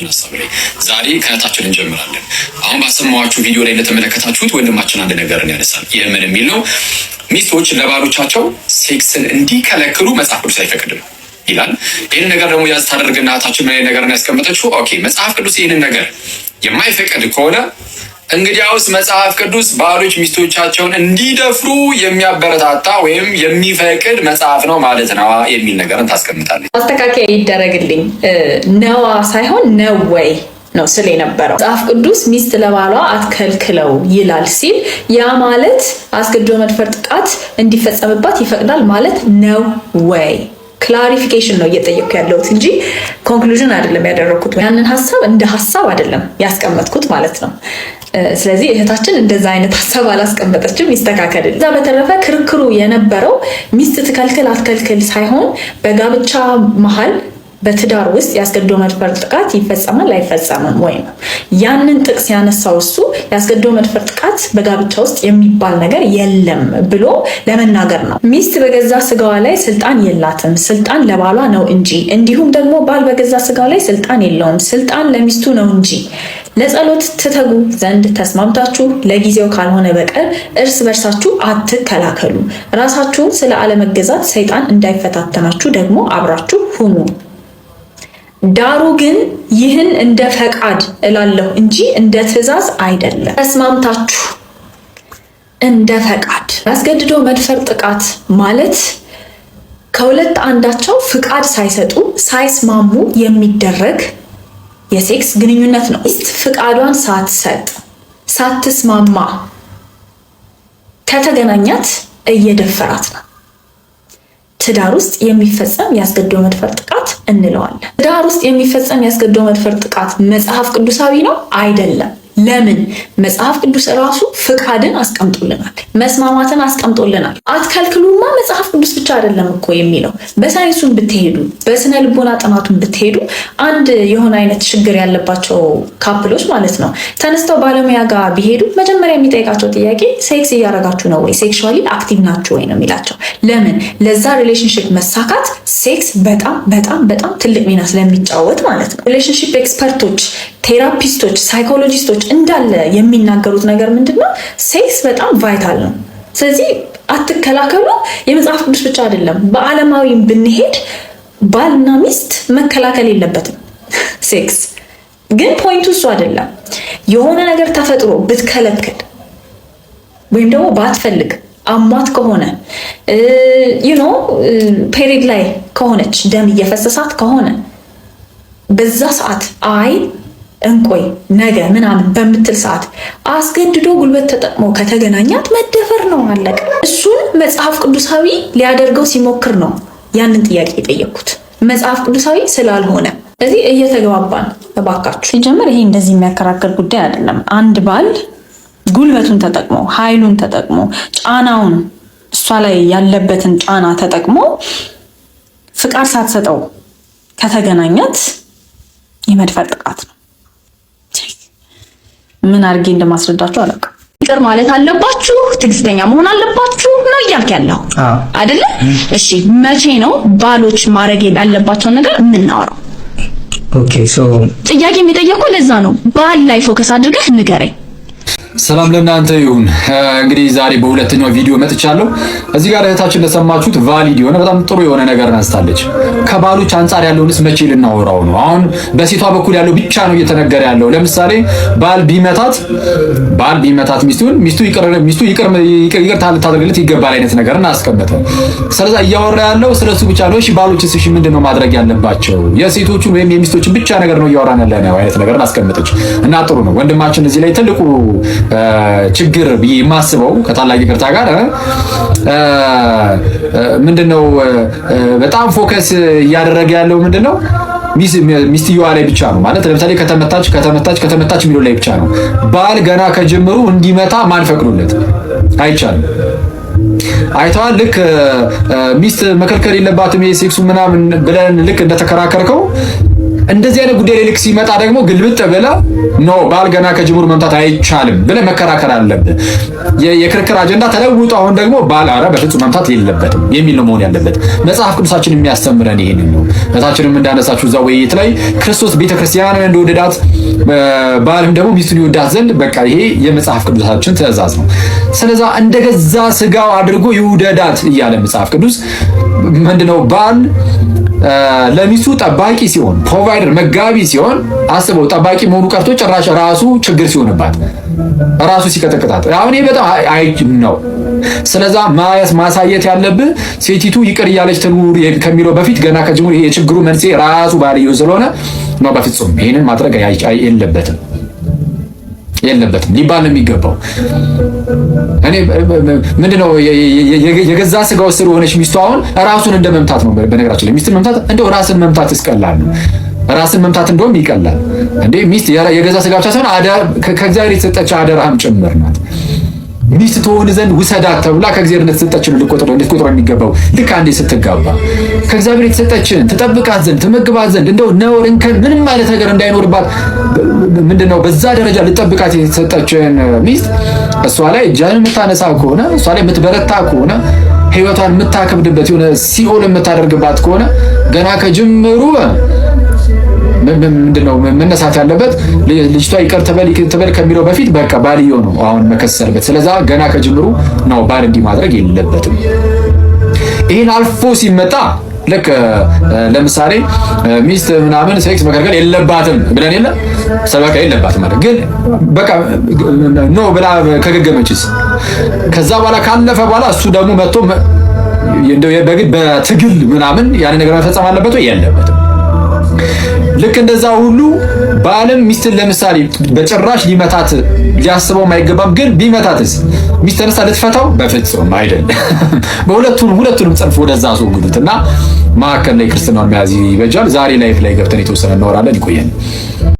ወንድማችን ሀሳብ ላይ ዛሬ ከእህታችን እንጀምራለን። አሁን ባሰማዋችሁ ቪዲዮ ላይ እንደተመለከታችሁት ወንድማችን አንድ ነገርን ያነሳል። ይህ ምን የሚል ነው? ሚስቶች ለባሎቻቸው ሴክስን እንዲከለክሉ መጽሐፍ ቅዱስ አይፈቅድም ይላል። ይህንን ነገር ደግሞ ያዝ ታደርግና እህታችን ምን ነገር ያስቀመጠችው? ኦኬ መጽሐፍ ቅዱስ ይህንን ነገር የማይፈቅድ ከሆነ እንግዲያውስ መጽሐፍ ቅዱስ ባሎች ሚስቶቻቸውን እንዲደፍሩ የሚያበረታታ ወይም የሚፈቅድ መጽሐፍ ነው ማለት ነዋ የሚል ነገርን ታስቀምጣለች። ማስተካከያ ይደረግልኝ፣ ነዋ ሳይሆን ነው ወይ ነው ስል የነበረው መጽሐፍ ቅዱስ ሚስት ለባሏ አትከልክለው ይላል ሲል ያ ማለት አስገድዶ መድፈር ጥቃት እንዲፈጸምባት ይፈቅዳል ማለት ነው ወይ? ክላሪፊኬሽን ነው እየጠየቅኩ ያለሁት እንጂ ኮንክሉዥን አይደለም ያደረግኩት። ያንን ሀሳብ እንደ ሀሳብ አይደለም ያስቀመጥኩት ማለት ነው። ስለዚህ እህታችን እንደዛ አይነት ሀሳብ አላስቀመጠችም፣ ይስተካከልል። እዛ በተረፈ ክርክሩ የነበረው ሚስት ትከልክል አትከልክል ሳይሆን በጋብቻ መሀል በትዳር ውስጥ የአስገድዶ መድፈር ጥቃት ይፈጸማል አይፈጸምም ወይ ነው። ያንን ጥቅስ ያነሳው እሱ የአስገዶ መድፈር ጥቃት በጋብቻ ውስጥ የሚባል ነገር የለም ብሎ ለመናገር ነው። ሚስት በገዛ ስጋዋ ላይ ስልጣን የላትም፣ ስልጣን ለባሏ ነው እንጂ። እንዲሁም ደግሞ ባል በገዛ ስጋው ላይ ስልጣን የለውም፣ ስልጣን ለሚስቱ ነው እንጂ። ለጸሎት ትተጉ ዘንድ ተስማምታችሁ ለጊዜው ካልሆነ በቀር እርስ በርሳችሁ አትከላከሉ። ራሳችሁን ስለ አለመገዛት ሰይጣን እንዳይፈታተናችሁ ደግሞ አብራችሁ ሁኑ። ዳሩ ግን ይህን እንደ ፈቃድ እላለሁ እንጂ እንደ ትዕዛዝ አይደለም። ተስማምታችሁ እንደ ፈቃድ። አስገድዶ መድፈር ጥቃት ማለት ከሁለት አንዳቸው ፍቃድ ሳይሰጡ ሳይስማሙ የሚደረግ የሴክስ ግንኙነት ነው። ሚስት ፍቃዷን ሳትሰጥ ሳትስማማ ከተገናኛት እየደፈራት ነው። ትዳር ውስጥ የሚፈጸም የአስገድዶ መድፈር ጥቃት እንለዋለን። ትዳር ውስጥ የሚፈጸም ያስገዶ መድፈር ጥቃት መጽሐፍ ቅዱሳዊ ነው አይደለም? ለምን መጽሐፍ ቅዱስ ራሱ ፍቃድን አስቀምጦልናል፣ መስማማትን አስቀምጦልናል። አትከልክሉማ መጽሐፍ ቅዱስ ብቻ አይደለም እኮ የሚለው። በሳይንሱን ብትሄዱ፣ በስነ ልቦና ጥናቱን ብትሄዱ አንድ የሆነ አይነት ችግር ያለባቸው ካፕሎች ማለት ነው ተነስተው ባለሙያ ጋር ቢሄዱ መጀመሪያ የሚጠይቃቸው ጥያቄ ሴክስ እያደረጋችሁ ነው ወይ፣ ሴክሽዋሊ አክቲቭ ናችሁ ወይ ነው የሚላቸው። ለምን ለዛ ሪሌሽንሽፕ መሳካት ሴክስ በጣም በጣም በጣም ትልቅ ሚና ስለሚጫወት ማለት ነው ሪሌሽንሽፕ ኤክስፐርቶች ቴራፒስቶች፣ ሳይኮሎጂስቶች እንዳለ የሚናገሩት ነገር ምንድን ነው? ሴክስ በጣም ቫይታል ነው። ስለዚህ አትከላከሉ። የመጽሐፍ ቅዱስ ብቻ አይደለም፣ በዓለማዊም ብንሄድ ባልና ሚስት መከላከል የለበትም ሴክስ። ግን ፖይንቱ እሱ አይደለም። የሆነ ነገር ተፈጥሮ ብትከለክል ወይም ደግሞ ባትፈልግ አሟት ከሆነ ዩኖ ፔሪድ ላይ ከሆነች ደም እየፈሰሳት ከሆነ በዛ ሰዓት አይ እንቆይ ነገ ምናምን በምትል ሰዓት አስገድዶ ጉልበት ተጠቅሞ ከተገናኛት መደፈር ነው፣ አለቀ። እሱን መጽሐፍ ቅዱሳዊ ሊያደርገው ሲሞክር ነው ያንን ጥያቄ የጠየኩት፣ መጽሐፍ ቅዱሳዊ ስላልሆነ። እዚህ እየተግባባን እባካችሁ። ሲጀምር ይሄ እንደዚህ የሚያከራከር ጉዳይ አይደለም። አንድ ባል ጉልበቱን ተጠቅሞ ኃይሉን ተጠቅሞ ጫናውን እሷ ላይ ያለበትን ጫና ተጠቅሞ ፍቃድ ሳትሰጠው ከተገናኛት የመድፈር ጥቃት ነው። ምን አድርጌ እንደማስረዳችሁ አላውቅም። ይቅር ማለት አለባችሁ፣ ትዕግስተኛ መሆን አለባችሁ ነው እያልክ ያለው አይደለ? እሺ፣ መቼ ነው ባሎች ማድረግ ያለባቸውን ነገር የምናወራው? ኦኬ ሶ ጥያቄ የሚጠየቁ ለዛ ነው። ባል ላይ ፎከስ አድርገህ ንገረኝ። ሰላም ለእናንተ ይሁን። እንግዲህ ዛሬ በሁለተኛው ቪዲዮ መጥቻለሁ። እዚህ ጋር እህታችን እንደሰማችሁት ቫሊድ የሆነ በጣም ጥሩ የሆነ ነገር አንስታለች። ከባሎች አንጻር ያለውንስ መቼ ልናወራው ነው? አሁን በሴቷ በኩል ያለው ብቻ ነው እየተነገረ ያለው። ለምሳሌ ባል ቢመታት ባል ቢመታት ሚስቱን ሚስቱ ይቅር ሚስቱ ይቅር ይቅርታ ልታደርግለት ይገባል አይነት ነገር አስቀመጠ። ስለዛ እያወራ ያለው ስለሱ ብቻ ነው። እሺ ባሎችስ እሺ ምንድን ነው ማድረግ ያለባቸው? የሴቶቹን ወይም የሚስቶችን ብቻ ነገር ነው እያወራን ያለ ነው አይነት ነገር አስቀመጠች እና ጥሩ ነው ወንድማችን እዚህ ላይ ትልቁ ችግር ብዬ የማስበው ከታላቅ ይቅርታ ጋር ምንድነው በጣም ፎከስ እያደረገ ያለው ምንድነው ሚስትየዋ ላይ ብቻ ነው ማለት ለምሳሌ ከተመታች ከተመታች ከተመታች የሚለው ላይ ብቻ ነው። ባል ገና ከጀምሩ እንዲመታ ማን ፈቅዶለት? አይቻልም። አይተዋል። ልክ ሚስት መከልከል የለባትም የሴክሱ ሴክሱ ምናምን ብለን ልክ እንደተከራከርከው እንደዚህ አይነት ጉዳይ ልክ ሲመጣ ደግሞ ግልብጥ ብለ ኖ ባል ገና ከጅምሩ መምታት አይቻልም ብለህ መከራከር አለብህ። የክርክር አጀንዳ ተለውጦ አሁን ደግሞ ባል አረ በፍጹም መምታት የለበትም የሚል ነው መሆን ያለበት። መጽሐፍ ቅዱሳችን የሚያስተምረን ይሄንን ነው። እታችንም እንዳነሳችሁ እዛ ውይይት ላይ ክርስቶስ ቤተክርስቲያንን እንደወደዳት ባልም ደግሞ ሚስቱን ይወዳት ዘንድ በቃ ይሄ የመጽሐፍ ቅዱሳችን ትእዛዝ ነው። ስለዛ እንደገዛ ስጋው አድርጎ ይውደዳት እያለ መጽሐፍ ቅዱስ ምንድነው ባል ለሚስቱ ጠባቂ ሲሆን ፕሮቫይደር መጋቢ ሲሆን አስበው፣ ጠባቂ መሆኑ ቀርቶ ጭራሽ ራሱ ችግር ሲሆንባት ራሱ ሲቀጠቅጣት፣ አሁን ይሄ በጣም አይ ነው። ስለዛ ማሳየት ያለብህ ሴቲቱ ይቅር እያለች ትኑር ከሚለው በፊት ገና ከጅምሩ የችግሩ መንስኤ ራሱ ባልየው ስለሆነ ነው። በፍጹም ይህንን ማድረግ የለበትም። የለበትም ሊባል ነው የሚገባው። እኔ ምንድነው የገዛ ስጋው ስር ሆነች ሚስቱ አሁን ራሱን እንደ መምታት ነው። በነገራችን ላይ ሚስትን መምታት እንደው ራስን መምታት ይስቀላል ነው ራስን መምታት እንደውም ይቀላል እንዴ። ሚስት የገዛ ስጋ ብቻ ሳይሆን ከእግዚአብሔር የተሰጠች አደራም ጭምር ናት። ሚስት ትሆን ዘንድ ውሰዳት ተብላ ከእግዚአብሔር እንደተሰጠችን ልቆጥሮ የሚገባው ልክ አንዴ ስትጋባ ከእግዚአብሔር የተሰጠችን ትጠብቃት ዘንድ ትመግባት ዘንድ እንደው ነውር እንከን ምንም አይነት ነገር እንዳይኖርባት ምንድነው በዛ ደረጃ ልጠብቃት የተሰጠችን ሚስት እሷ ላይ እጃን የምታነሳ ከሆነ እሷ ላይ የምትበረታ ከሆነ ህይወቷን የምታከብድበት የሆነ ሲኦል የምታደርግባት ከሆነ ገና ከጅምሩ ምንድነው መነሳት ያለበት? ልጅቷ ይቅር ትበል ከሚለው በፊት በቃ ባልየው ነው አሁን መከሰስ ያለበት። ስለዛ ገና ከጅምሩ ነው ባል እንዲህ ማድረግ የለበትም። ይህን አልፎ ሲመጣ ልክ ለምሳሌ ሚስት ምናምን ሴክስ መከልከል የለባትም ብለን የለ ሰበካ የለባትም ማለት ግን በቃ ኖ ብላ ከገገመችስ ከዛ በኋላ ካለፈ በኋላ እሱ ደግሞ መጥቶ በግድ በትግል ምናምን ያንን ነገር መፈጸም አለበት ወይ የለበትም? ልክ እንደዛ ሁሉ በአለም ሚስትን ለምሳሌ በጭራሽ ሊመታት ሊያስበው አይገባም። ግን ቢመታትስ ሚስት ተነሳ ልትፈታው? በፍጹም አይደለም። በሁለቱም ሁለቱንም ጽንፍ ወደዛ አስወግዱት እና መካከል ላይ ክርስትናውን መያዝ ይበጃል። ዛሬ ላይፍ ላይ ገብተን የተወሰነ እናወራለን። ይቆየን።